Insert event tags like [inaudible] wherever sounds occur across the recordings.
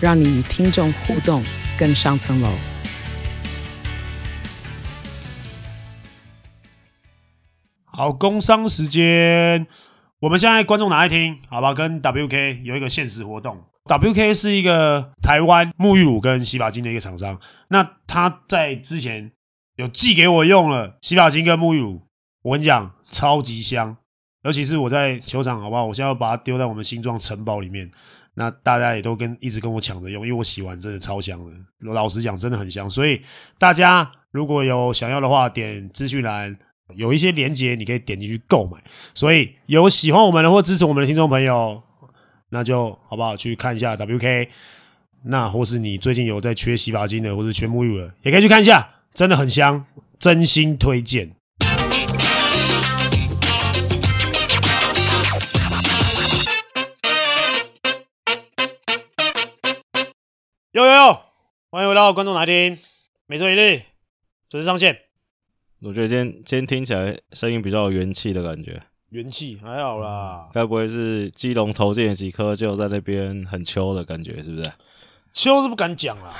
讓你與聽眾互動更上層樓。好，工商時間，我們現在觀眾哪愛聽，好吧？跟 WK 有一個限時活動，WK 是一個台灣沐浴乳跟洗髮精的一個廠商。那他在之前有寄給我用了洗髮精跟沐浴乳，我跟你講，超級香，尤其是我在球場，好不好？我現在要把它丟在我們新莊城堡裡面。那大家也都跟一直跟我搶着用，因為我洗完真的超香的。老實講，真的很香。所以大家如果有想要的話點，點資訊欄有一些鏈接，你可以點進去購買。所以有喜歡我們的或支持我們的聽眾朋友，那就好不好去看一下 WK？那或是你最近有在缺洗髮精的，或者缺沐浴露，也可以去看一下，真的很香，真心推薦。悠悠，歡迎回到觀眾哪愛聽，每周一例準時上線。我覺得今天今天聽起來聲音比較有元氣的感覺，元氣還好啦。該不會是基隆投進幾顆就在那邊很秋的感覺，是不是？秋是不敢講啦。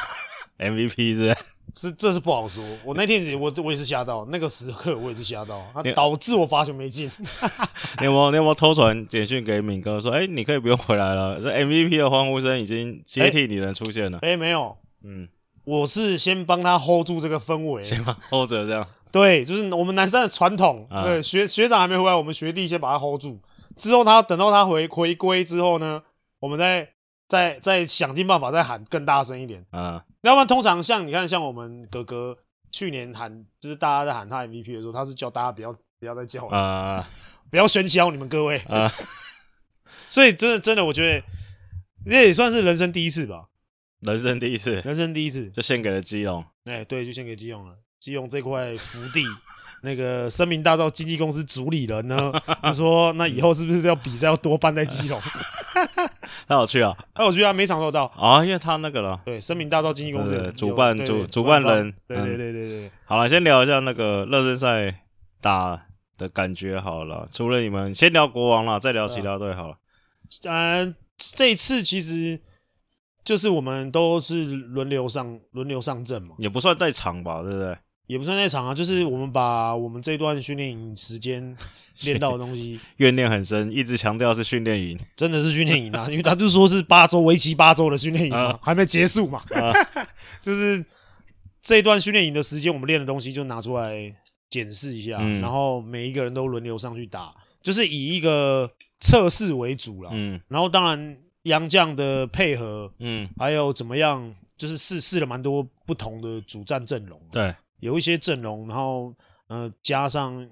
MVP 是，是。是，這是不好說。我那天我我也是嚇到那個時刻，我也是嚇到，導致我罰球沒進 [laughs] 。你有沒有你有沒有偷傳簡訊給敏哥說，哎、欸，你可以不用回來了。 [laughs] 這 MVP 的歡呼聲已經接替你的出現了。哎、欸欸，沒有，嗯，我是先幫他 hold 住這個氛圍，行嗎？hold 着這樣，對，就是我們南山的傳統、啊。對，學學長還沒回來，我們學弟先把他 hold 住。之後他等到他回回歸之後呢，我們再再再想盡辦法再喊更大聲一點。嗯、啊。要不然，通常像你看，像我們哥哥去年喊，就是大家在喊他 MVP 的，的時候，他是叫大家不要不要再叫了啊，啊不要喧囂，你們各位啊。 [laughs] 所以真的真的，我覺得這也算是人生第一次吧。人生第一次，人生第一次，就獻給了基隆。哎、欸，對，就獻給基隆了，基隆這塊福地。 [laughs] 那個聲名大噪經紀公司主理人呢，他 [laughs] 說，那以後是不是要比賽要多辦在基隆？太 [laughs] [laughs] 好去了，啊！哎、啊，我覺得他沒享受到啊，哦，因為他那個了，對，聲名大噪經紀公司對對對主辦主對對對主辦人，對，嗯，對對對對。好了，先聊一下那個熱身賽打的感覺好了啦。除了你們，先聊國王了，再聊其他隊好了，啊。呃，這一次其實就是我們都是輪流上輪流上陣嘛，也不算在場吧，對不對？也不算太長啊，就是我們把我們這段訓練營時間練到的東西，怨念很深，一直強調是訓練營，真的是訓練營啊，因為他就說是八周為期八周的訓練營還沒結束嘛，呃、 [laughs] 就是這一段訓練營的時間，我們練的東西就拿出來檢視一下，嗯、然後每一個人都輪流上去打，就是以一個測試為主啦，嗯，然後當然洋將的配合，嗯，還有怎麼樣，就是試試了蠻多不同的主戰陣容、啊，對。有一些陣容，然後呃加上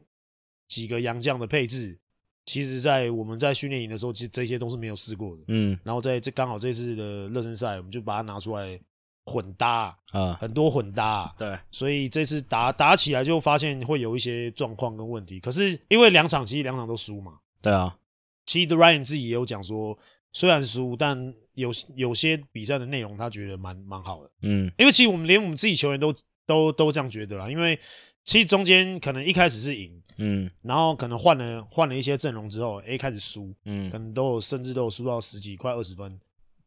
幾個洋將的配置，其實，在我們在訓練營的時候，其實這些都是沒有試過的。嗯，然後在這剛好這次的熱身賽，我們就把它拿出來混搭啊，很多混搭。對，所以這次打打起來就發現會有一些狀況跟問題。可是因為兩場，其實兩場都輸嘛。對啊，其實 Ryan 自己也有講說，雖然輸，但有有些比賽的內容他覺得蠻蠻好的。嗯，因為其實我們連我們自己球員都。都都這樣覺得啦，因為其實中間可能一開始是贏，嗯，然後可能換了換了一些陣容之後，誒、欸，開始輸，嗯，可能都有甚至都有輸到十幾、快二十分，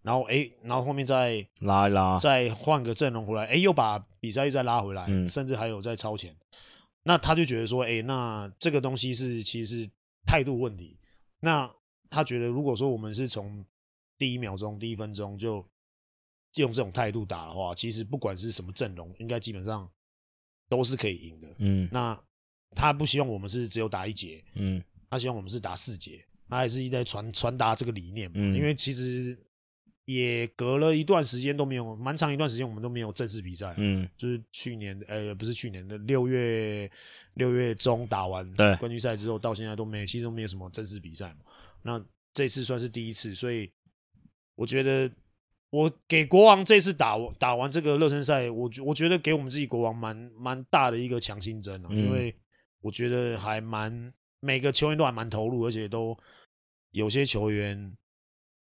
然後誒、欸，然後後面再拉一拉，再換個陣容回來，誒、欸，又把比賽又再拉回來，嗯，甚至還有再超前。那他就覺得說，誒、欸，那這個東西是其實是態度問題。那他覺得，如果說我們是從第一秒鐘、第一分鐘就。用這種態度打的話，其實不管是什麼陣容，應該基本上都是可以贏的。嗯，那他不希望我們是只有打一節，嗯，他希望我們是打四節，他還是一直在傳傳達這個理念嘛，嗯，因為其實也隔了一段時間都沒有，蠻長一段時間我們都沒有正式比賽。嗯，就是去年，呃，不是去年的六月六月中打完冠軍賽之後，到現在都沒，其實都沒有什麼正式比賽嘛，那這次算是第一次，所以我覺得。我給國王這次打打完這個熱身賽，我我覺得給我們自己國王蠻蠻大的一個強心針啊、嗯，因為我覺得還蠻每個球員都還蠻投入，而且都有些球員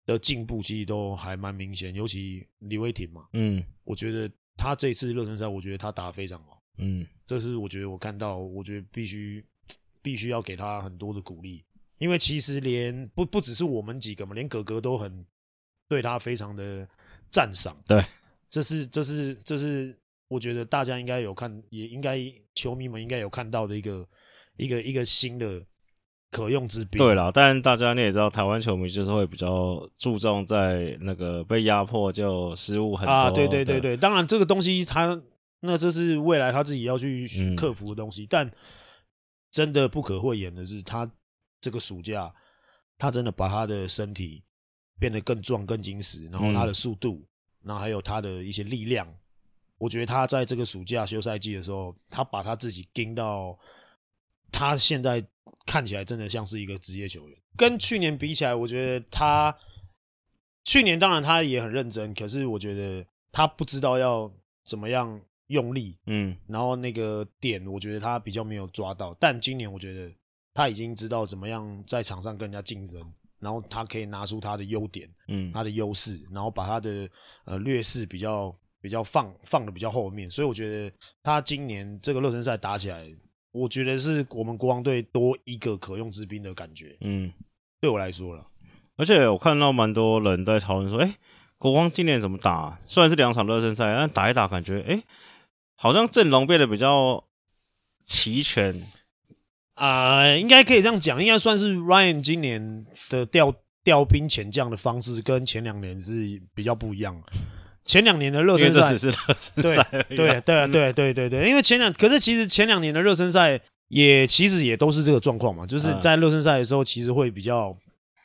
的進步其實都還蠻明顯，尤其李威廷嘛，嗯，我覺得他這次熱身賽，我覺得他打得非常好。嗯，這是我覺得我看到，我覺得必須必須要給他很多的鼓勵，因為其實連不不只是我們幾個嘛，連哥哥都很。對他非常的讚賞，對，這是這是這是，這是我覺得大家應該有看，也應該球迷們應該有看到的一個一個一個新的可用之兵。對了，但大家你也知道，台灣球迷就是會比較注重在那個被壓迫就失誤很多啊。對對對對，對，當然這個東西他那這是未來他自己要去克服的東西，嗯、但真的不可諱言的是，他這個暑假他真的把他的身體。變得更壯、更緊實，然後他的速度，然後還有他的一些力量，嗯、我覺得他在這個暑假休賽季的時候，他把他自己盯到，他現在看起來真的像是一個職業球員。跟去年比起來，我覺得他、嗯、去年當然他也很認真，可是我覺得他不知道要怎麼樣用力，嗯，然後那個點，我覺得他比較沒有抓到。但今年我覺得他已經知道怎麼樣在場上跟人家競爭。然後他可以拿出他的優點，嗯，他的優勢，然後把他的呃劣勢比較比較放放的比較後面，所以我覺得他今年這個熱身賽打起來，我覺得是我們國王隊多一個可用之兵的感覺，嗯，對我來說啦。而且我看到蠻多人在討論說，哎，國王今年怎麼打？雖然是兩場熱身賽，但打一打感覺，哎，好像陣容變得比較齊全。啊、呃，應該可以這樣講，應該算是 Ryan 今年的調調兵遣將的方式跟前兩年是比較不一樣。前兩年的熱身賽是熱身賽對對對對對對對，嗯、因為前兩可是其實前兩年的熱身賽也其實也都是這個狀況嘛，就是在熱身賽的時候其實會比較，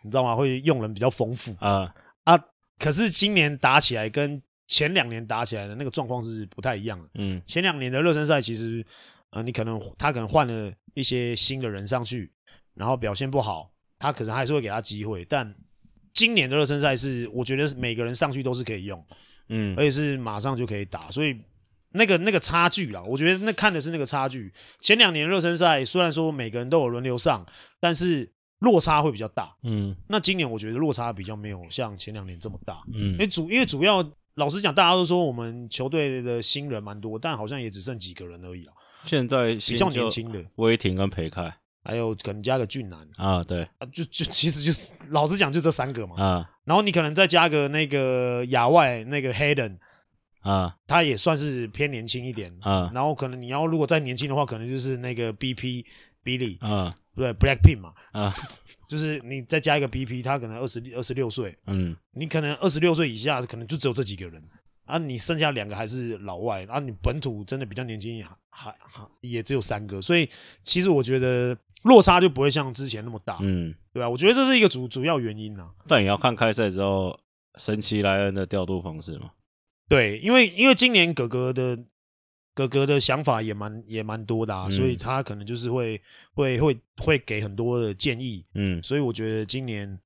你知道嗎？會用人比較豐富啊啊，可是今年打起來跟前兩年打起來的那個狀況是不太一樣。嗯，前兩年的熱身賽其實。呃、嗯，你可能他可能換了一些新的人上去，然後表現不好，他可能還是會給他機會。但今年的熱身賽是，我覺得每個人上去都是可以用，嗯，而且是馬上就可以打，所以那個那個差距啦，我覺得那看的是那個差距。前兩年熱身賽雖然說每個人都有輪流上，但是落差會比較大，嗯。那今年我覺得落差比較沒有像前兩年這麼大，嗯。因為主因為主要老實講，大家都說我們球隊的新人蠻多，但好像也只剩幾個人而已啦。現在比較年輕的威廷跟裴凱，還有可能加個俊男啊，對啊，就就其實就是老實講就這三個嘛啊，然後你可能再加個那個亞外那個 Hayden 啊，他也算是偏年輕一點啊，然後可能你要如果再年輕的話，可能就是那個 BP Billy 啊，對 Blackpink 嘛啊,啊，就是你再加一個 BP，他可能二十二十六歲，嗯，你可能二十六歲以下可能就只有這幾個人。啊，你剩下兩個還是老外，啊，你本土真的比較年輕，還還還也只有三個，所以其實我覺得落差就不會像之前那麼大，嗯，對吧、啊？我覺得這是一個主主要原因吶、啊。但也要看開賽之後，神奇萊恩的調度方式嘛。對，因為因為今年哥哥的哥哥的想法也蠻也蠻多的、啊嗯，所以他可能就是會會會會給很多的建議，嗯，所以我覺得今年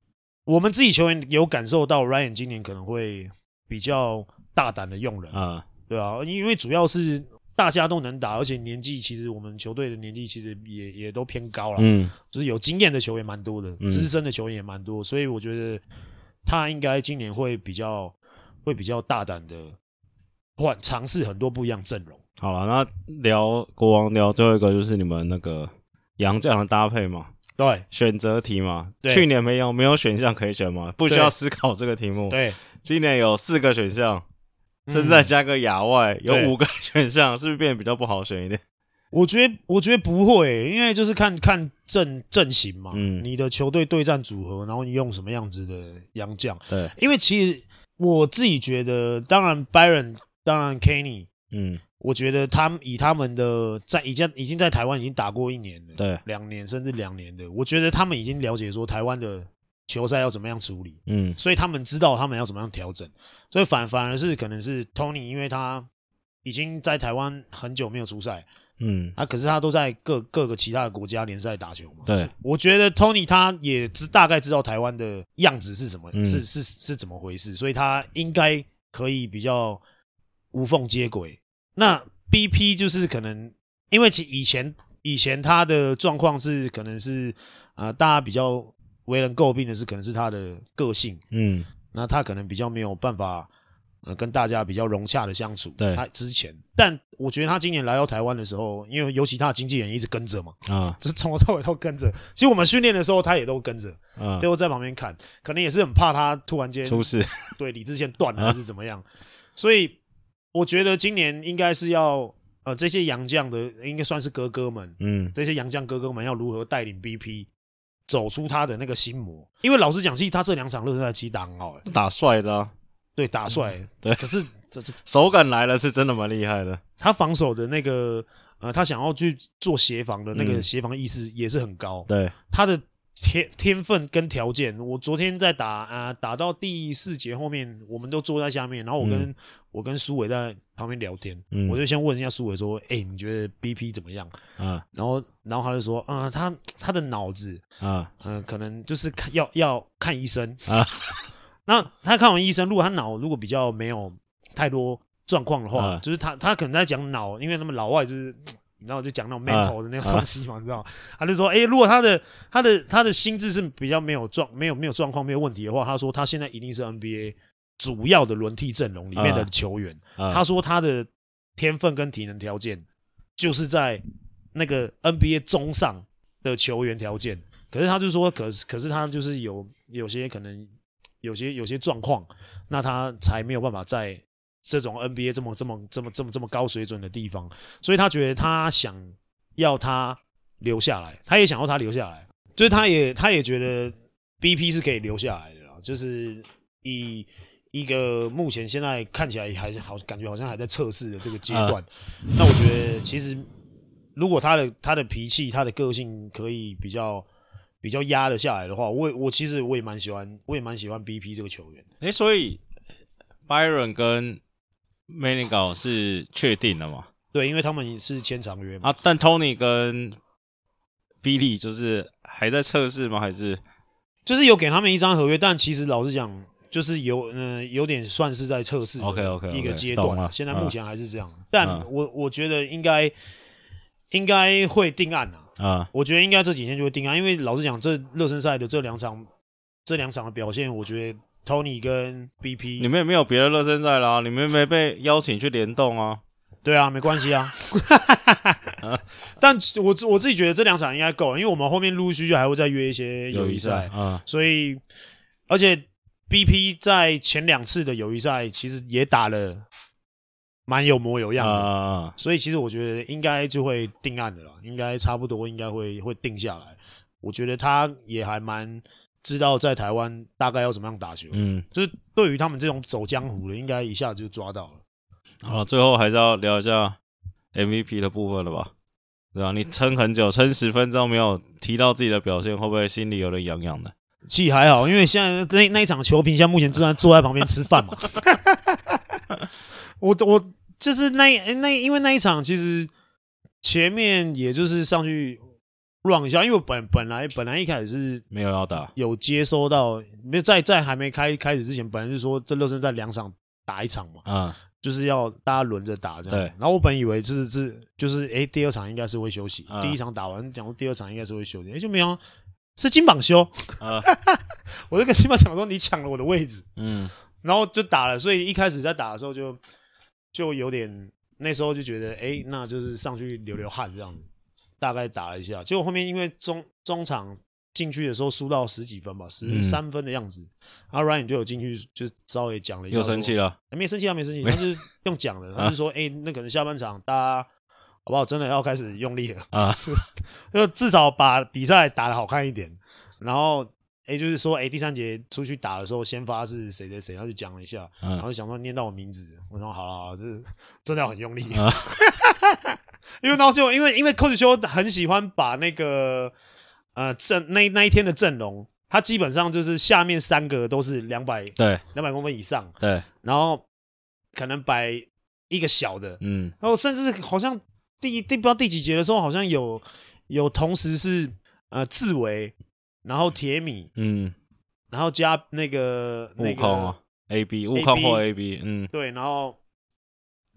我們自己球員有感受到，Ryan 今年可能會比較，大膽的用人啊，對啊，因為主要是大家都能打，而且年紀其實我們球隊的年紀其實也也都偏高了，嗯，就是有經驗的球員蠻多的，嗯，資深的球員也蠻多，所以我覺得他應該今年會比較會比較大膽的換嘗試很多不一樣陣容。好了，那聊國王聊最後一個就是你們那個洋將的搭配嘛，對，選擇題嘛對，去年沒有沒有選項可以選嗎？不需要思考這個題目，對，對今年有四個選項。現在加個亞外、嗯，有五個選項，是不是變得比較不好選一點？我覺得，我覺得不會，因為就是看看陣陣型嘛、嗯，你的球隊對戰組合，然後你用什麼樣子的洋將？對，因為其實我自己覺得，當然 Byron，當然 Kenny，嗯，我覺得他們以他們的在已經已經在台灣已經打過一年了，對，兩年甚至兩年的，我覺得他們已經了解說台灣的。球賽要怎麼樣處理？嗯，所以他們知道他們要怎麼樣調整，所以反反而是可能是 Tony，因為他已經在台灣很久沒有出賽，嗯，啊，可是他都在各各個其他的國家聯賽打球嘛。對，我覺得 Tony 他也知大概知道台灣的樣子是什麼，嗯、是是是怎麼回事，所以他應該可以比較無縫接軌。那 BP 就是可能因為其以前以前他的狀況是可能是啊、呃，大家比較，為人詬病的是，可能是他的個性，嗯，那他可能比較沒有辦法、呃、跟大家比較融洽的相處。對，他之前，但我覺得他今年來到台灣的時候，因為尤其他的經紀人一直跟着嘛，啊，就是從頭到尾都跟着。其實我們訓練的時候，他也都跟着，啊，都在旁邊看，可能也是很怕他突然間出事，對，理智線斷了、啊、還是怎麼樣？所以我覺得今年應該是要，呃，這些洋將的應該算是哥哥們，嗯，這些洋將哥哥們要如何帶領 BP，走出他的那個心魔，因為老實講，其實他這兩場熱身賽在打很好、欸、打帥的、啊，對，打帥、嗯，對。可是這這手感來了，是真的蠻厲害的。他防守的那個，呃，他想要去做協防的那個協防意識也是很高。嗯、對他的。天天分跟條件，我昨天在打啊、呃，打到第四節後面，我們都坐在下面，然後我跟、嗯、我跟蘇偉在旁邊聊天、嗯，我就先問一下蘇偉說：“哎、欸，你覺得 BP 怎麼樣？”啊、嗯，然後然後他就說：“呃、嗯，他他的腦子啊，嗯，可能就是要要看醫生啊、嗯。那他看完醫生，如果他腦如果比較沒有太多狀況的話、嗯，就是他他可能在講腦，因為他們老外就是。”然後就講那種 mental 的那種東西嘛、啊啊？你知道，他就說：“誒、欸，如果他的他的他的心智是比較沒有狀沒有沒有狀況沒有問題的話，他說他現在一定是 NBA 主要的輪替陣容裡面的球員、啊啊。他說他的天分跟體能條件就是在那個 NBA 中上的球員條件。可是他就說可，可是可是他就是有有些可能有些有些，有些狀況，那他才沒有辦法在。”這種 NBA 這麼這麼這麼這麼這麼高水準的地方，所以他覺得他想要他留下來，他也想要他留下來，就是他也他也覺得 BP 是可以留下來的，就是以一個目前現在看起來還是好感覺好像還在測試的這個階段。啊。那我覺得其實如果他的他的脾氣他的個性可以比較比較壓得下來的話，我我其實我也蠻喜歡我也蠻喜歡 BP 這個球員。哎，所以 Byron 跟 Manigo 是確定了嗎？對，因為他們是簽長約嘛啊。但 Tony 跟 Billy 就是還在測試嗎？還是就是有給他們一張合約，但其實老實講，就是有嗯、呃，有點算是在測試。OK OK，一個階段。現在目前還是這樣，啊、但我我覺得應該應該會定案啊啊！我覺得應該這幾天就會定案，因為老實講，這熱身賽的這兩場這兩場的表現，我覺得。Tony 跟 BP，你們也沒有別的熱身賽了啊，你們沒被邀請去聯動啊？對啊，沒關係啊。 [laughs] [laughs] [laughs] 但我我自己覺得這兩場應該夠了，因為我們後面陸續就還會再約一些友誼賽啊。所以，而且 BP 在前兩次的友誼賽其實也打了蠻有模有樣的、嗯，所以其實我覺得應該就會定案的了啦，應該差不多應該會會定下來。我覺得他也還蠻。知道在台灣大概要怎麼樣打球，嗯，就是對於他們這種走江湖的，應該一下子就抓到了，嗯。好，最後還是要聊一下 MVP 的部分了吧？對吧？啊？你撐很久，撐十分鐘沒有提到自己的表現，會不會心裡有點癢癢的？氣還好，因為現在那那一場球評，現在目前正在坐在旁邊吃飯嘛。 [laughs] [laughs] 我我就是那，欸，那因為那一場其實前面也就是上去。亂一下，因為我本來本來本來一開始是沒有要打，有接收到沒有在在還沒開開始之前，本來就是說這熱身在兩場打一場嘛、嗯，就是要大家輪着打這樣。然後我本以為是是就是哎、欸、第二場應該是會休息、嗯，第一場打完講到第二場應該是會休息、欸，哎就沒有、啊、是金榜休，哈哈，我就跟金榜講說你搶了我的位置，嗯，然後就打了，所以一開始在打的時候就就有點那時候就覺得哎、欸、那就是上去流流汗這樣。大概打了一下，結果後面因為中中場進去的時候輸到十幾分吧，十三分的樣子，嗯、然後軟 n 就有進去就稍微講了一下，又生氣了、欸、了，沒生氣，還沒生氣，他就是用講的、啊，他就說，哎、欸，那可能下半場大家好不好，真的要開始用力了啊， [laughs] 就就至少把比賽打的好看一點，然後，哎、欸，就是說，哎、欸，第三節出去打的時候，先發是誰誰誰，他就講了一下，啊、然後就想說念到我名字，我說好了，就是真的要很用力。啊 [laughs] [laughs] 因為到最後就，因為因為 Coach 邱很喜歡把那個呃陣那那一天的陣容，他基本上就是下面三個都是兩百對兩百公分以上對，然後可能擺一個小的嗯，然後甚至好像第第不知道第幾節的時候，好像有有同時是呃志維，然後鐵米嗯，然後加那個、那個、悟空 A B 悟空或 A B 嗯對，然後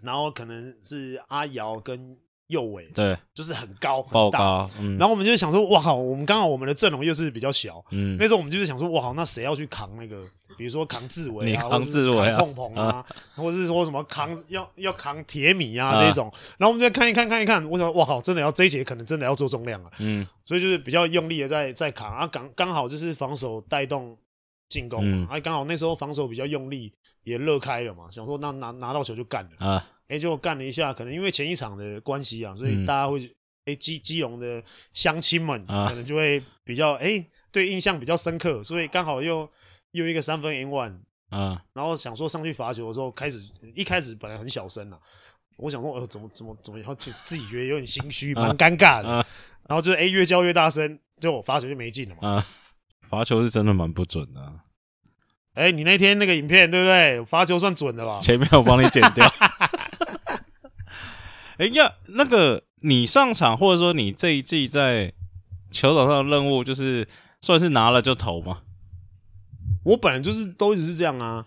然後可能是阿瑤跟。右尾對，就是很高，高很大，嗯，然後我們就想說，哇好，我們剛好我們的陣容又是比較小，嗯，那時候我們就是想說，哇好，那誰要去扛那個？比如說扛志偉啊，扛志偉啊，或者是碰棚啊，啊，或者是說什麼扛要要扛鐵米啊，啊這種，然後我們就看一看看一看，我想，哇好，真的要這一節可能真的要做重量啊，嗯，所以就是比較用力的在在扛啊，剛剛好就是防守帶動進攻嘛，嗯，啊，剛好那時候防守比較用力也樂開了嘛，想說那拿拿到球就幹了啊。哎、欸，就幹了一下，可能因為前一場的關係啊，所以大家會哎、嗯欸、基基隆的鄉親們可能就會比較哎、啊欸、對印象比較深刻，所以剛好又又一個三分 and one 啊，然後想說上去罰球的時候，開始一開始本來很小聲啊，我想說哦、呃、怎麼怎麼怎麼，然後就自己覺得有點心虛，蠻、啊、尷尬的、啊，然後就是哎、欸、越叫越大聲，就我罰、哦、球就沒進了嘛，罰、啊、球是真的蠻不準的、啊，哎、欸，你那天那個影片對不對？罰球算準的吧？前面我幫你剪掉。 [laughs] 哎、欸、呀，那個你上場，或者說你這一季在球場上的任務就是算是拿了就投嗎？我本來就是都一直是這樣啊，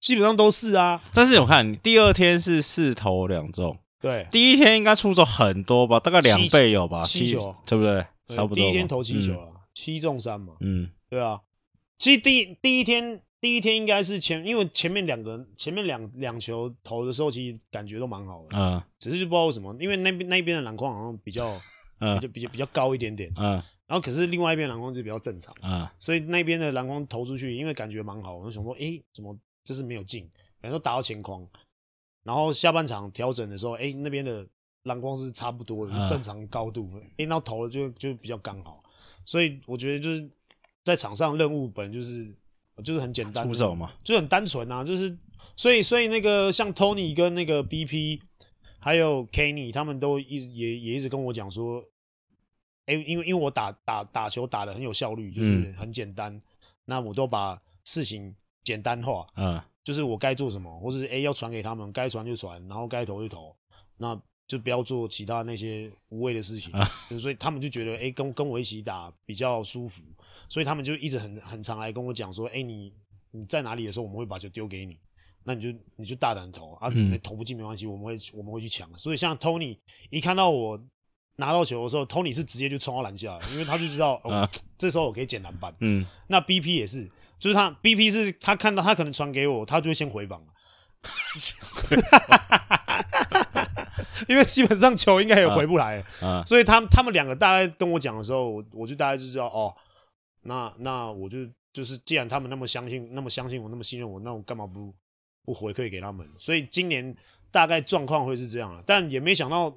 基本上都是啊。但是我看你第二天是四投兩中，對，第一天應該出手很多吧，大概兩倍有吧，七,七,七球七對不對，對？差不多。第一天投七球了，嗯、七中三嘛，嗯，對啊，其實第一第一天。第一天應該是前，因為前面兩個前面兩兩球投的時候，其實感覺都蠻好的。嗯，只是就不知道為什麼，因為那邊那邊的籃筐好像比較，嗯、就比較、嗯、比較高一點點、嗯。然後可是另外一邊籃筐就比較正常。啊、嗯，所以那邊的籃筐投出去，因為感覺蠻好，我就想說，哎、欸，怎麼就是沒有進？反正都打到前框。然後下半場調整的時候，哎、欸，那邊的籃筐是差不多的、嗯、就正常高度。哎、欸，那投了就就比較剛好。所以我覺得就是在場上任務本就是。就是很簡單，出手嘛，就很單純啊。就是，所以，所以那個像 Tony 跟那個 BP 還有 Kenny 他們都一直也也一直跟我講說，哎，因為因為我打打打球打得很有效率，就是很簡單，嗯。那我都把事情簡單化，嗯，就是我該做什麼，或是欸，要傳給他們，該傳就傳，然後該投就投。那就不要做其他那些無謂的事情，啊、所以他們就覺得，哎、欸，跟跟我一起打比較舒服，所以他們就一直很很常來跟我講說，哎、欸，你你在哪裡的時候，我們會把球丟給你，那你就你就大膽投啊，投不進沒關係，嗯，我們會我們會去搶。所以像 Tony 一看到我拿到球的時候，Tony 是直接就衝到籃下，因為他就知道，哦啊，這時候我可以撿籃板。嗯，那 BP 也是，就是他 BP 是他看到他可能傳給我，他就會先回防。 [laughs] [laughs] 因為基本上球應該也回不來、啊啊，所以他們他們兩個大概跟我講的時候，我，我就大概就知道哦，那那我就就是，既然他們那麼相信，那麼相信我，那麼信任我，那我幹嘛不不回饋給他們？所以今年大概狀況會是這樣、啊，但也沒想到，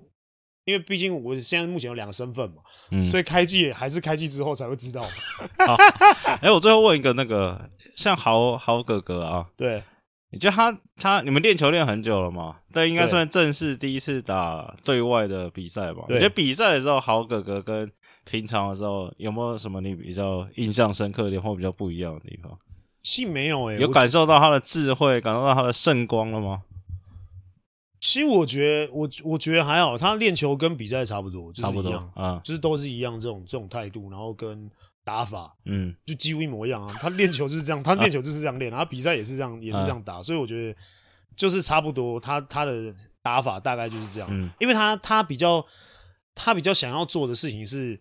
因為畢竟我現在目前有兩個身份嘛，嗯、所以開季還是開季之後才會知道。哈、 [laughs] 哦，哎，我最後問一個那個像豪豪哥哥啊，對。你覺得他他你們練球練很久了嗎？但應該算是正式第一次打對外的比賽吧？你覺得比賽的時候豪哥哥跟平常的時候有沒有什麼你比較印象深刻、嗯，或比較不一樣的地方？其實沒有誒、欸，有感受到他的智慧，感受到他的聖光了嗎？其實我覺得我我覺得還好，他練球跟比賽差不多，就是、差不多啊、嗯，就是都是一樣這種這種態度，然後跟。打法，嗯，就幾乎一模一樣啊。他練球就是這樣，他練球就是這樣練、啊，然後比賽也是這樣，也是這樣打。啊、所以我覺得就是差不多他，他他的打法大概就是這樣。嗯、因為他他比較他比較想要做的事情是，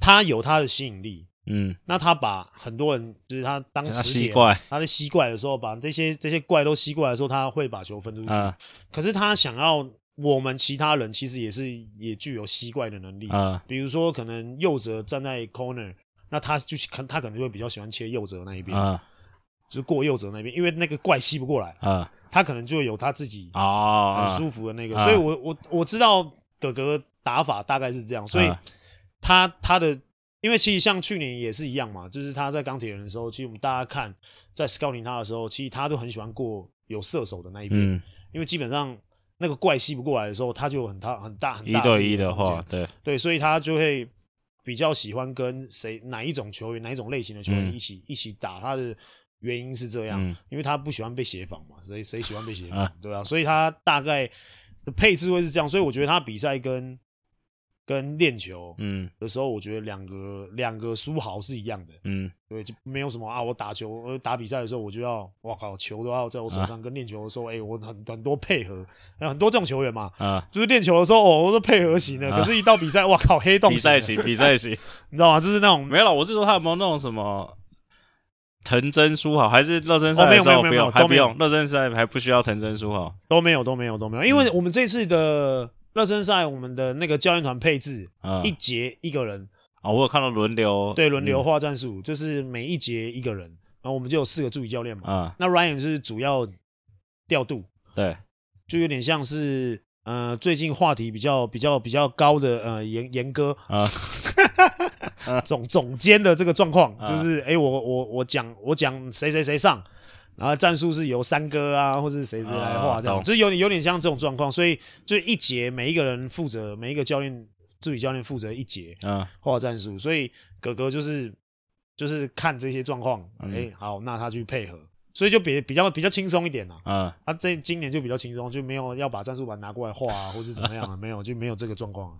他有他的吸引力，嗯，那他把很多人就是他當磁鐵他在吸，吸怪的時候，把這些這些怪都吸過來的時候，他會把球分出去。啊、可是他想要我們其他人其實也是也具有吸怪的能力啊，比如說可能右則站在 corner。那他就是，他可能就會比較喜歡切右折那一邊，啊，就是過右折那邊，因為那個怪吸不過來。啊、他可能就有他自己啊很舒服的那個。啊、所以我，我我我知道哥哥打法大概是這樣。所以他，他、啊、他的，因為其實像去年也是一樣嘛，就是他在鋼鐵人的時候，其實我們大家看在 Scouting 他的時候，其實他都很喜歡過有射手的那一邊，嗯，因為基本上那個怪吸不過來的時候，他就很大很大很大的的。一對一的話，對對，所以他就會。比較喜歡跟誰，哪一種球員，哪一種類型的球員一起、嗯、一起打，他的原因是這樣，嗯、因為他不喜歡被協防嘛，誰誰喜歡被協防、啊？對啊，所以他大概的配置會是這樣，所以我覺得他比賽跟。跟練球嗯的時候，我覺得兩個、嗯、兩個書豪是一樣的嗯，對，就沒有什麼啊。我打球打比賽的時候，我就要我靠球都要，在我手上、啊、跟練球的時候，哎、欸，我很很多配合，很多這種球員嘛啊，就是練球的時候哦，我都配合型的、啊，可是一到比賽，我靠，黑洞比賽型，比賽型，賽 [laughs] [laughs] 你知道嗎？就是那種沒有了。我是說他有沒有那種什麼藤真書豪，還是熱身賽時、哦、沒有時有不都沒有，還不用都熱身賽還不需要藤真書豪，都沒有，都沒有，都沒有，因為、嗯、我們這次的。熱身賽，我們的那個教練團配置，嗯、一節一個人啊，我有看到輪流，對，輪流畫戰術、嗯，就是每一節一個人，然後我們就有四個助理教練嘛，啊、嗯，那 Ryan 是主要調度，對、嗯，就有點像是，呃，最近話題比較比較比較高的，呃，嚴嚴哥啊，嗯、 [laughs] [laughs] [laughs] 總總監的這個狀況、嗯，就是，誒、欸，我我我講我講誰誰誰上。然後戰術是由三哥啊，或者是誰誰來畫這樣，uh, 就是有點有點像這種狀況，所以就一節每一個人負責，每一個教練助理教練負責一節啊畫戰術，所以哥哥就是就是看這些狀況，哎、uh -huh.，好，那他去配合，所以就比比較比較輕鬆一點啊。Uh -huh. 啊，他這今年就比較輕鬆，就沒有要把戰術板拿過來畫啊， [laughs] 或者怎麼樣了、啊，沒有就沒有這個狀況、啊、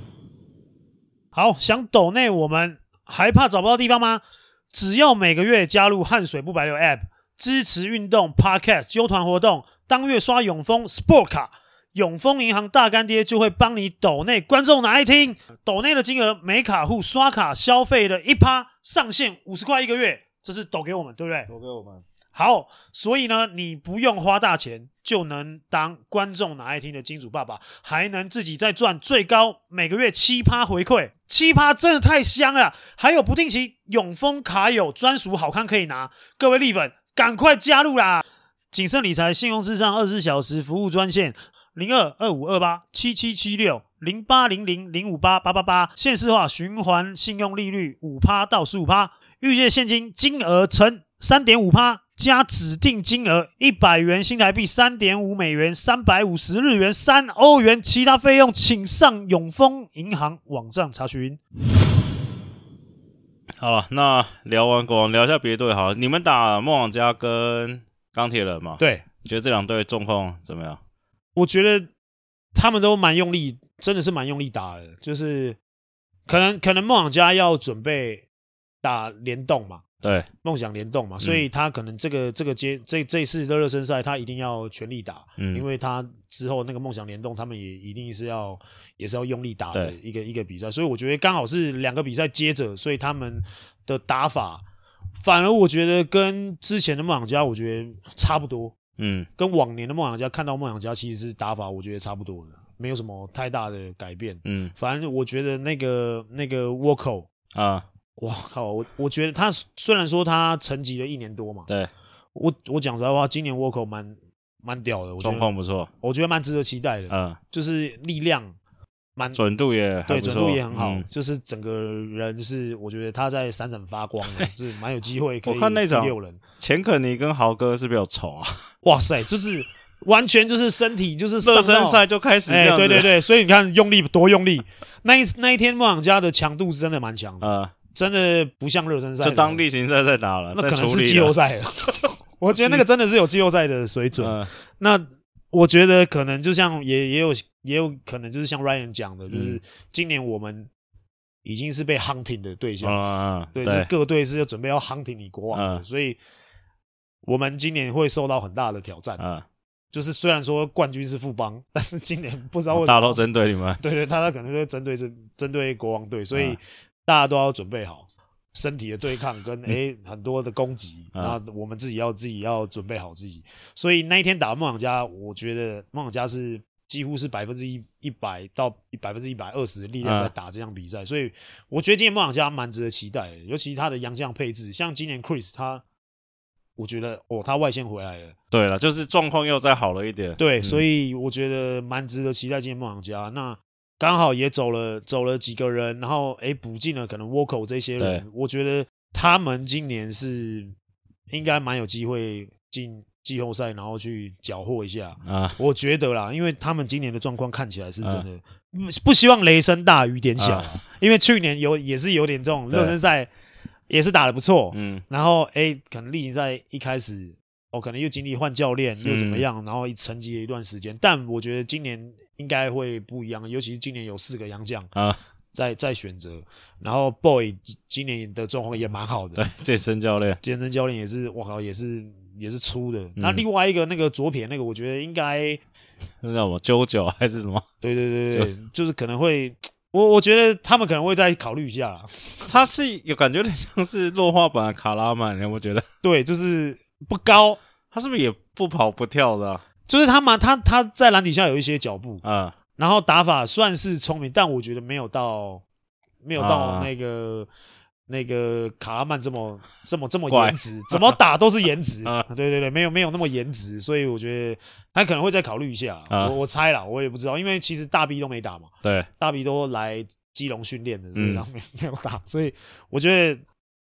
[laughs] 好，想抖內，我們還怕找不到地方嗎？只要每個月加入汗水不白流 App，支持運動 Podcast 揪團活動，當月刷永豐 Sport 卡，永豐銀行大乾爹就會幫你抖內觀眾哪愛聽。抖內的金額每卡戶刷卡消費的一趴，上限五十塊一個月，這是抖給我們，對不對？抖給我們。好，所以呢，你不用花大錢就能當觀眾哪愛聽的金主爸爸，還能自己再賺最高每個月七趴回饋，七趴真的太香了啦！還有不定期永豐卡友專屬好康可以拿，各位力粉趕快加入啦！謹慎理財，信用至上，二十四小時服務專線零二二五二八七七七六零八零零零五八八八八，現時化循環信用利率五趴到十五趴，預借現金金額乘三點五趴。加指定金額一百元新台幣，三點五美元，三百五十日元，三歐元，其他費用請上永豐銀行網上查詢。好了，那聊完國王，聊一下別隊。好了，你們打夢想家跟鋼鐵人嘛？對，你覺得這兩隊中鋒怎麼樣？我覺得他們都蠻用力，真的是蠻用力打的。就是可能可能夢想家要準備打聯動嘛？對，夢想聯動嘛、嗯，所以他可能這個這個接這這次的熱身賽，他一定要全力打，嗯，因為他之後那個夢想聯動，他們也一定是要也是要用力打的一個一個比賽，所以我覺得剛好是兩個比賽接着，所以他們的打法反而我覺得跟之前的夢想家，我覺得差不多，嗯，跟往年的夢想家看到夢想家其實是打法，我覺得差不多的，沒有什麼太大的改變，嗯，反正我覺得那個那個倭寇啊。哇靠！我我覺得他雖然說他沉寂了一年多嘛，對，我我講實在話，今年倭寇蠻蠻屌的，狀況不錯，我覺得蠻值得期待的。嗯，就是力量蠻準度也對，準度也很好，嗯、就是整個人是我覺得他在閃閃發光的，嗯、就是蠻有機會可以。可我看那場六人錢可尼跟豪哥是比較醜啊？哇塞，就是完全就是身體就是熱身賽就開始這樣，欸、對對對，所以你看用力多用力， [laughs] 那一那一天夢想家的強度是真的蠻強的、嗯真的不像熱身賽，就當例行賽在打了。那可能是季後賽， [laughs] 我覺得那個真的是有季後賽的水準、嗯。那我覺得可能就像也也有也有可能就是像 Ryan 講的，就是今年我們已經是被 hunting 的對象，嗯、對，就是、各隊是要準備要 hunting 你國王、嗯，所以我們今年會受到很大的挑戰、嗯。就是雖然說冠軍是富邦，但是今年不知道為什麼大都針對你們，對，對對，他他可能就針對是針對國王隊，所以。嗯。大家都要準備好身體的對抗跟哎、欸嗯、很多的攻擊、嗯，然後我們自己要自己要準備好自己。所以那一天打夢想家，我覺得夢想家是幾乎是百分之一一百到百分之一百二十的力量來打這場比賽、嗯。所以我覺得今年夢想家蠻值得期待，尤其他的洋將配置，像今年 Chris 他，我覺得哦他外線回來了，對了，就是狀況又再好了一點。對，嗯、所以我覺得蠻值得期待今年夢想家。那。剛好也走了走了幾個人，然後誒補進了可能倭寇這些人，我覺得他們今年是應該蠻有機會進季後賽，然後去攪和一下啊。我覺得啦，因為他們今年的狀況看起來是真的、啊、不希望雷聲大雨點小、啊，因為去年有也是有點這種熱身賽也是打得不錯，嗯，然後誒可能例行賽一開始哦，可能又經歷換教練又怎麼樣，嗯、然後一沉寂了一段時間，但我覺得今年。應該會不一樣，尤其是今年有四個洋將啊，在在選擇，然後 boy 今年的狀況也蠻好的，對，健身教練，健身教練也是，我靠，也是也是粗的、嗯。那另外一個那個左撇那個，我覺得應該那叫什麼，啾啾還是什麼？對對對對，就是可能會，我我覺得他們可能會再考慮一下。他是有感覺有點像是弱化版卡拉曼，我覺得。對，就是不高，他是不是也不跑不跳的、啊？就是他嘛，他他在籃底下有一些腳步啊、嗯，然後打法算是聰明，但我覺得沒有到沒有到那個、啊、那個卡拉曼這麼這麼這麼顏值，怎麼打都是顏值呵呵。對對對，沒有沒有那麼顏值、嗯，所以我覺得他可能會再考慮一下。啊、我我猜啦，我也不知道，因為其實大 B 都沒打嘛，對，大 B 都來基隆訓練的，對嗯、然後沒沒有打，所以我覺得。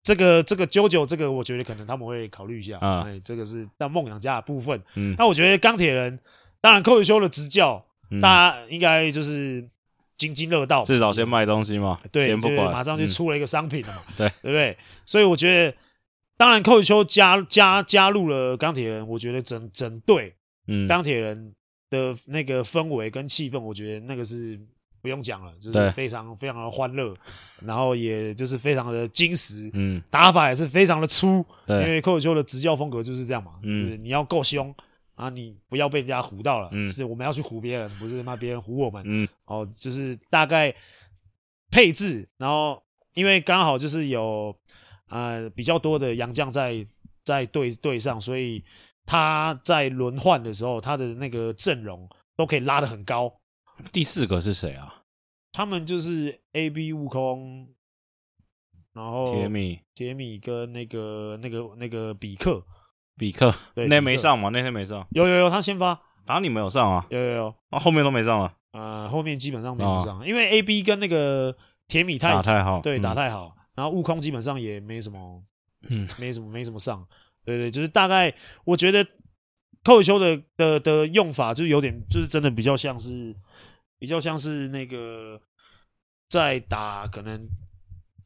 這個這個啾啾這個我覺得可能他們會考慮一下啊，哎，這個是到夢想家的部分。嗯，那我覺得鋼鐵人，當然 Coach 邱的執教、嗯，大家應該就是津津樂道，至少先賣東西嘛先不，對，就馬上就出了一個商品了嘛，嗯、對，對不對？所以我覺得，當然 Coach 邱加加加入了鋼鐵人，我覺得整整隊，嗯，鋼鐵人的那個氛圍跟氣氛，我覺得那個是。不用講了，就是非常非常的歡樂，然後也就是非常的精實，嗯，打法也是非常的粗，對，因為 Coach 邱的執教風格就是這樣嘛，嗯，就是你要夠兇啊，你不要被人家唬到了，嗯，就是我們要去唬別人，不是那別人唬我們，嗯，哦，就是大概配置，然後因為剛好就是有呃比較多的洋將在在隊隊上，所以他在輪換的時候，他的那個陣容都可以拉得很高。第四個是誰啊？他們就是 A、B、悟空，然後鐵米、鐵米跟那個、那個、那個比克、比克，對比克那天沒上嘛？那天沒上？有有有，他先發，然、啊、後你沒有上啊？有有有，啊，後面都沒上啊？呃，後面基本上沒，沒上，哦，因為 A、B 跟那個鐵米太打太好，對，打太好，嗯，然後悟空基本上也沒什麼，嗯，沒什麼，沒什麼上， [laughs] 對，對對，就是大概，我覺得 Coach 邱的的的用法，就是有點，就是真的比較像是。比較像是那個在打可能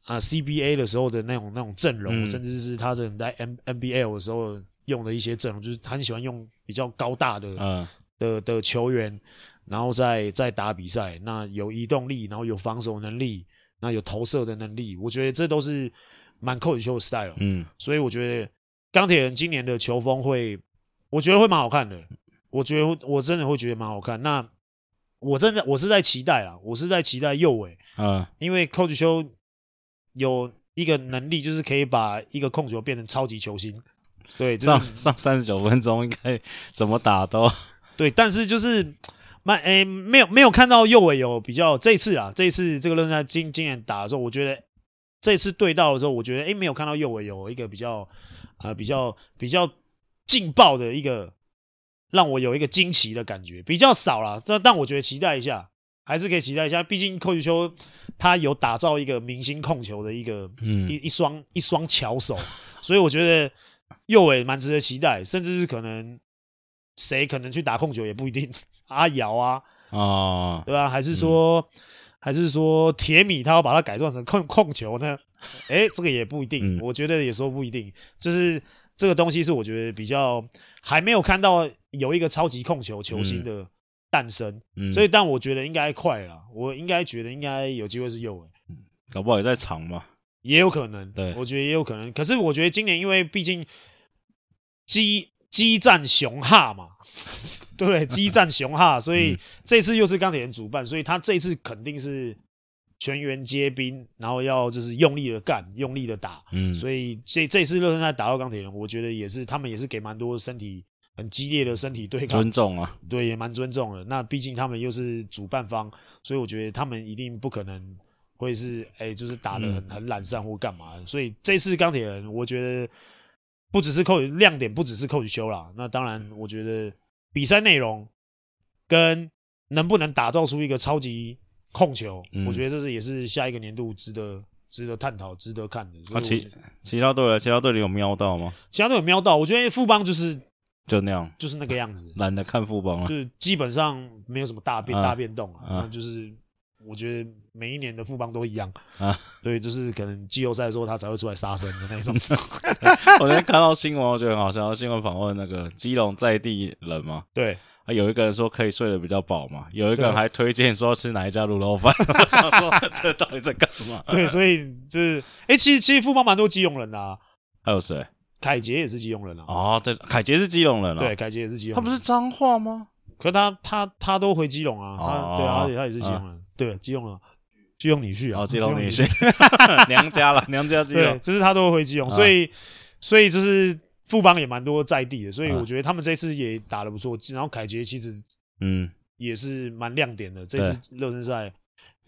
啊、呃、CBA 的時候的那種那種陣容、嗯，甚至是他在在 N NBL 的時候用的一些陣容，就是他很喜歡用比較高大的、啊、的的球員，然後在在打比賽，那有移動力，然後有防守能力，那有投射的能力，我覺得這都是蠻 Coach 邱的 style。嗯，所以我覺得鋼鐵人今年的球風會，我覺得會蠻好看的，我覺得我真的會覺得蠻好看。那我真的我是在期待啦，我是在期待右尾啊、嗯，因為 Coach 邱有一個能力，就是可以把一個控球變成超級球星。對，上上三十九分鐘應該怎麼打都對，但是就是沒，誒、欸、沒有沒有看到右尾有比較這次啊，這次啦這次這個熱身賽經驗打的時候，我覺得這次對到的時候，我覺得誒、欸、沒有看到右尾有一個比較啊、呃、比較比較勁爆的一個。讓我有一個驚奇的感覺，比較少了，但但我覺得期待一下，還是可以期待一下。畢竟寇玉秋他有打造一個明星控球的一個，嗯，一一雙一雙巧手、嗯，所以我覺得右尾蠻值得期待，甚至是可能誰可能去打控球也不一定。阿、啊、瑤啊，啊，對吧、啊？還是說、嗯、還是說鐵米他要把它改造成控控球呢？哎、欸，這個也不一定、嗯，我覺得也說不一定。就是這個東西是我覺得比較還沒有看到。有一個超級控球球星的誕生，嗯嗯，所以但我覺得應該快了啦，我應該覺得應該有機會是右衛、欸，搞不好也在場嘛，也有可能，對，我覺得也有可能。可是我覺得今年因為畢竟激激戰雄哈嘛， [laughs] 對，激戰雄哈， [laughs] 所以這次又是鋼鐵人主辦，所以他這次肯定是全員皆兵，然後要就是用力的幹，用力的打，嗯，所以這這次熱身賽打到鋼鐵人，我覺得也是他們也是給蠻多身體。很激烈的身體對抗，尊重啊，對，也蠻尊重的。那畢竟他們又是主辦方，所以我覺得他們一定不可能會是哎、欸，就是打的很、嗯、很懶散或幹嘛的，所以這次鋼鐵人，我覺得不只是 Coach 亮點，不只是 Coach 秀啦。那當然，我覺得比賽內容跟能不能打造出一個超級控球，嗯、我覺得這是也是下一個年度值得值得探討、值得看的。啊，其其他隊的其他隊裡有瞄到嗎？其他隊有瞄到，我覺得富邦就是。就那樣，就是那個樣子，懶得看富邦了。就是基本上沒有什麼大變大變動啊，啊啊就是我覺得每一年的富邦都一樣啊，對，就是可能季後賽的時候他才會出來殺生的那種， [laughs] 那種。 [laughs] [laughs] 我今天看到新聞，我覺得很好笑，新聞訪問那個基隆在地人嘛，對，啊，有一個人說可以睡得比較飽嘛，有一個人還推薦說要吃哪一家滷肉飯， [laughs] 這到底在幹什麼？ [laughs] 對，所以就是，哎、欸，其實其實富邦蠻多基隆人啊，還有誰？凱杰也是基隆人啊！哦，對，凱杰是基隆人啊。對，凱杰也是基隆。啊、他不是彰化嗎？可是他他他，他都回基隆啊。Oh, 他對啊，而且他也是基隆人。Uh, 對，基隆啊，基隆女婿啊，oh, 基隆女婿，女婿 [laughs] [laughs] 娘家了，娘家基隆。對，這、就是他都回基隆，uh, 所以所以就是富邦也蠻多在地的，所以我覺得他們這次也打得不錯。然後凱杰其實嗯也是蠻亮點的，這次熱身賽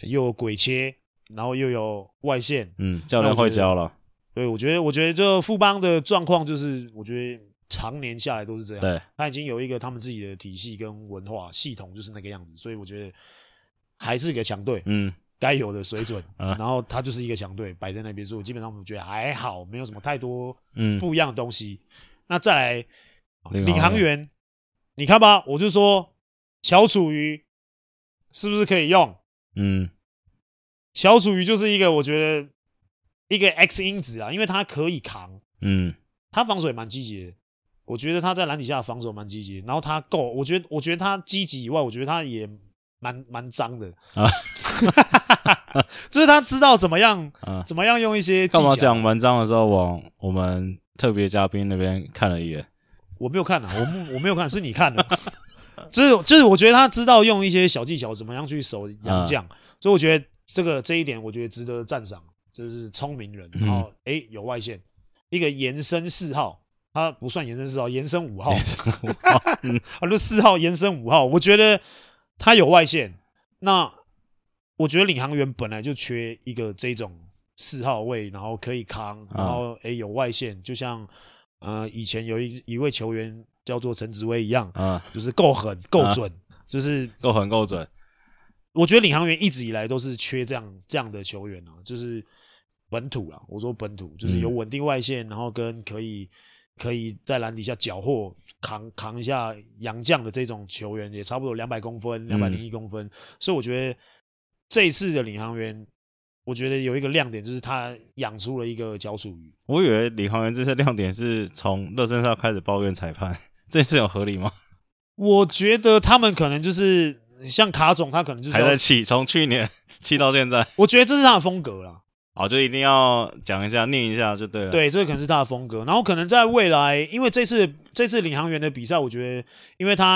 又有鬼切，然後又有外線，嗯，教練會教了。對，我覺得，我覺得這富邦的狀況就是，我覺得常年下來都是這樣。對，他已經有一個他們自己的體系跟文化系統，就是那個樣子。所以我覺得還是一個強隊，嗯，該有的水準。啊、然後他就是一個強隊擺在那邊，住，基本上我覺得還好，沒有什麼太多嗯不一樣的東西，嗯。那再來，領航員，你看吧，我就說喬楚瑜是不是可以用？嗯，喬楚瑜就是一個我覺得。一個 X 因子啊，因為他可以扛，嗯，他防守也蠻積極的，我覺得他在籃底下防守蠻積極。然後他夠，我覺得，我覺得他積極以外，我覺得他也蠻蠻髒的啊，哈哈哈，就是他知道怎麼樣、啊、怎麼樣用一些技巧。幹嘛講蠻髒的時候，往我們特別嘉賓那邊看了一眼，我沒有看啊，我我沒有看， [laughs] 是你看的， [laughs] 就是就是我覺得他知道用一些小技巧，怎麼樣去守洋將、啊，所以我覺得這個這一點，我覺得值得讚賞。就是聰明人，然後哎、欸、有外線，一個延伸四號，他不算延伸四號，延伸五號，他就四號延伸五號，我覺得他有外線，那我覺得領航員本來就缺一個這種四號位，然後可以扛，然後哎、啊欸、有外線，就像呃以前有一一位球員叫做陳子威一樣，啊，就是夠狠夠準、啊，就是夠狠夠準，我覺得領航員一直以來都是缺這樣這樣的球員呢、啊，就是。本土啦，我說本土就是有穩定外線，嗯、然後跟可以可以在籃底下繳獲扛扛一下洋將的這種球員，也差不多兩百公分，兩百零一公分、嗯，所以我覺得這一次的領航員，我覺得有一個亮點就是他養出了一個膠水魚。我以為領航員這些亮點是從熱身賽開始抱怨裁判，這是有合理嗎？我覺得他們可能就是像卡總，他可能就是還在氣，從去年氣到現在。我，我覺得這是他的風格啦。好，就一定要講一下、念一下就對了。對，這個、可能是他的風格。然後可能在未來，因為這次這次領航員的比賽，我覺得，因為他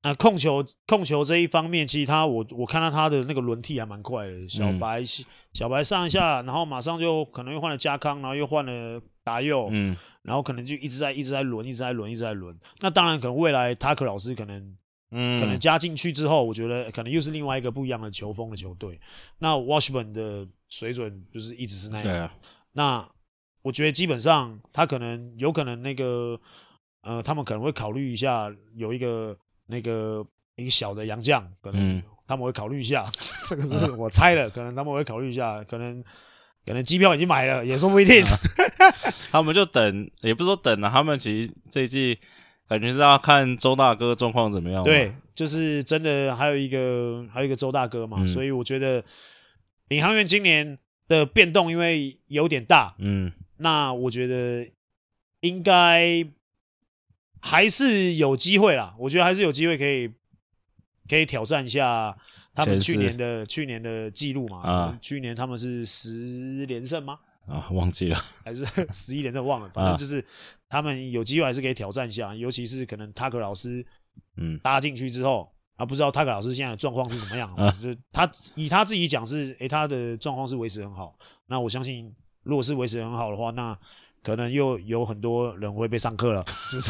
啊、呃、控球控球這一方面，其實他我我看到他的那個輪替還蠻快的。小白、嗯、小白上一下，然後馬上就可能又換了加康，然後又換了達佑，嗯，然後可能就一直在一直在輪，一直在輪，一直在輪。那當然，可能未來塔克老師可能。嗯，可能加進去之後，我覺得可能又是另外一個不一樣的球風的球隊。那 Washburn 的水準就是一直是那樣，對啊。那我覺得基本上他可能有可能那個呃，他們可能會考慮一下，有一個那個一個小的洋將，可能他們會考慮一下、嗯。這個是我猜的， [laughs] 可能他們會考慮一下，可能 [laughs] 可能機票已經買了，也說不一定。啊、他們就等，也不是說等了，啊。他們其實這一季。感覺是要看周大哥狀況怎麼樣？對，就是真的，還有一個，還有一個周大哥嘛，嗯、所以我覺得，領航員今年的變動因為有點大，嗯，那我覺得應該還是有機會啦。我覺得還是有機會可以可以挑戰一下他們去年的去年的記錄嘛。啊，去年他們是十連勝嗎？啊，忘記了，還是十一連勝忘了，啊、反正就是。他們有機會還是可以挑戰一下，尤其是可能 t 克老師，嗯，搭進去之後、嗯，啊，不知道 t 克老師現在的狀況是怎麼樣啊？就是他以他自己講是，誒、欸，他的狀況是維持很好。那我相信，如果是維持很好的話，那。可能又有很多人會被上課了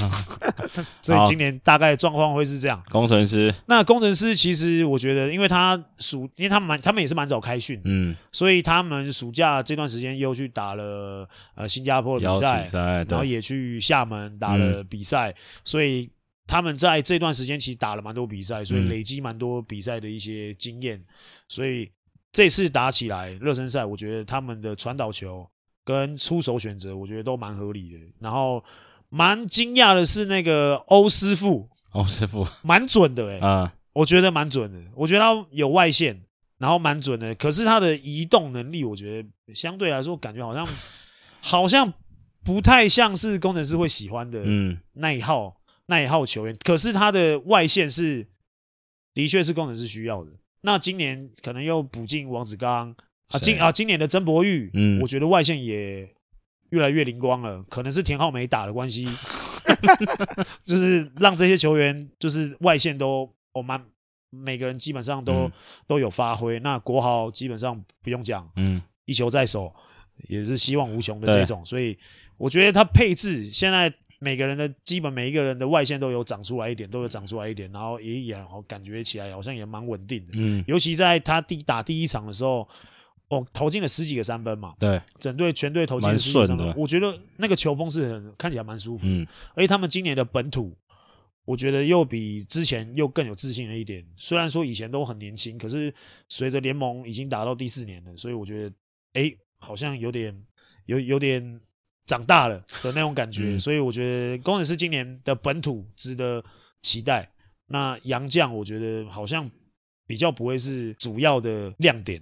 [laughs] [laughs] 所以今年大概狀況會是這樣。工程師，那工程師其實我覺得，因為他暑，因為他們他們也是蠻早開訓，嗯，所以他們暑假這段時間又去打了呃新加坡的比賽，然後也去廈門打了比賽，所以他們在這段時間其實打了蠻多比賽，所以累積蠻多比賽的一些經驗，所以這次打起來熱身賽，我覺得他們的傳導球跟出手選擇，我覺得都蠻合理的。然後蠻驚訝的是，那個歐師傅，歐師傅蠻準的，誒啊，我覺得蠻準的。我覺得他有外線，然後蠻準的。可是他的移動能力，我覺得相對來說，感覺好像好像不太像是工程師會喜歡的，嗯，那一號那一號球員。可是他的外線是的確是工程師需要的。那今年可能又補進王子剛。啊，今啊今年的曾博玉，嗯，我覺得外線也越來越靈光了。可能是田浩沒打的關係， [laughs] [laughs] 就是讓這些球員就是外線都，我、哦、們每個人基本上都、嗯、都有發揮。那國豪基本上不用講，嗯，一球在手也是希望無窮的這種。所以我覺得他配置現在每個人的，基本每一個人的外線都有長出來一點，都有長出來一點，然後也也好感覺起來好像也蠻穩定的、嗯。尤其在他第打第一場的時候。哦，投進了十幾個三分嘛，對，整隊全隊投進了十幾個三分，我覺得那個球風是很看起來蠻舒服的。嗯，而且他們今年的本土，我覺得又比之前又更有自信了一點。雖然說以前都很年輕，可是隨着聯盟已經打到第四年了，所以我覺得，哎、欸，好像有點有有點長大了的那種感覺。嗯、所以我覺得攻城獅今年的本土值得期待。那洋將我覺得好像比較不會是主要的亮點。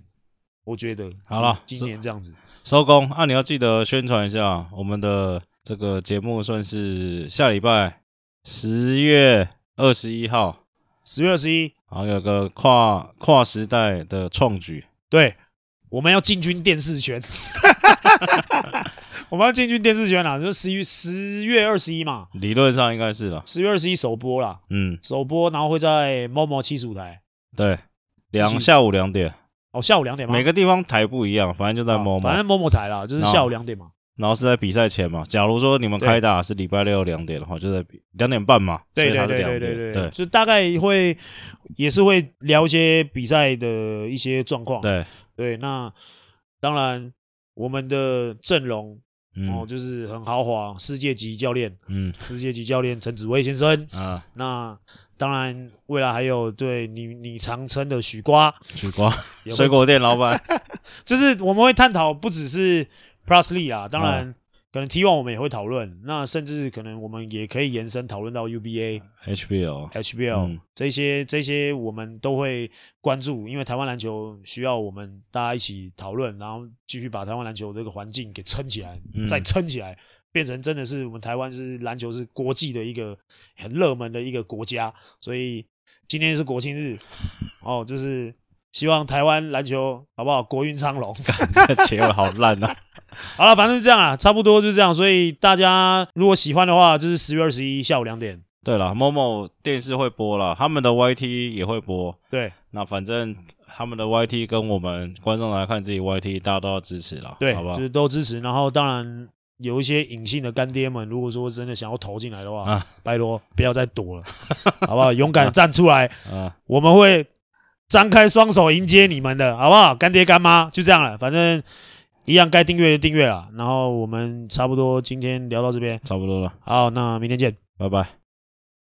我覺得好啦，今年這樣子收，收工啊！你要記得宣傳一下我們的這個節目，算是下禮拜十月二十一號，十月二十一啊，有個跨跨時代的創舉。對，我們要進軍電視圈， [laughs] [laughs] 我們要進軍電視圈啊！就十月十月二十一嘛，理論上應該是啦，十月二十一首播啦，嗯，首播然後會在 MOMO 七十五台，對，兩 17... 下午兩點。哦，下午兩點嘛，每個地方台不一樣，反正就在摸摸，反正摸摸台啦，就是下午兩點嘛。然後是在比賽前嘛，假如說你們開打是禮拜六兩點的話，就在比，兩點半嘛。對對對對對，對，對，對，就大概會也是會聊一些比賽的一些狀況。對對，那當然我們的陣容。嗯、哦，就是很豪華，世界級教練，嗯，世界級教練陳子威先生，啊，那當然未來還有對你你常稱的許瓜，許瓜水果店老板， [laughs] 就是我們會探討不只是 Plus Lee 啊，當然、嗯。可能 T1 我們也會討論，那甚至可能我們也可以延伸討論到 UBA、HBL、HBL、嗯、這些這些我們都會關注，因為台灣籃球需要我們大家一起討論，然後繼續把台灣籃球這個環境給撐起來，嗯、再撐起來，變成真的是我們台灣是籃球是國際的一個很熱門的一個國家。所以今天是國慶日， [laughs] 哦，就是希望台灣籃球好不好？國運昌隆。這結尾好爛啊！ [laughs] 好了，反正是這樣了，差不多就是這樣。所以大家如果喜歡的話，就是十月二十一下午兩點。對了，某某電視會播了，他們的 YT 也會播。對，那反正他們的 YT 跟我們觀眾來看自己 YT，大家都要支持了，對，好不好？就是都支持。然後當然有一些隱性的乾爹們，如果說真的想要投進來的話，啊、拜托不要再躲了， [laughs] 好不好？勇敢站出來，啊、我們會張開雙手迎接你們的，好不好？乾爹乾媽，就這樣了，反正。一樣該訂閱就訂閱了，然後我們差不多今天聊到這邊，差不多了。好，那明天見，拜拜。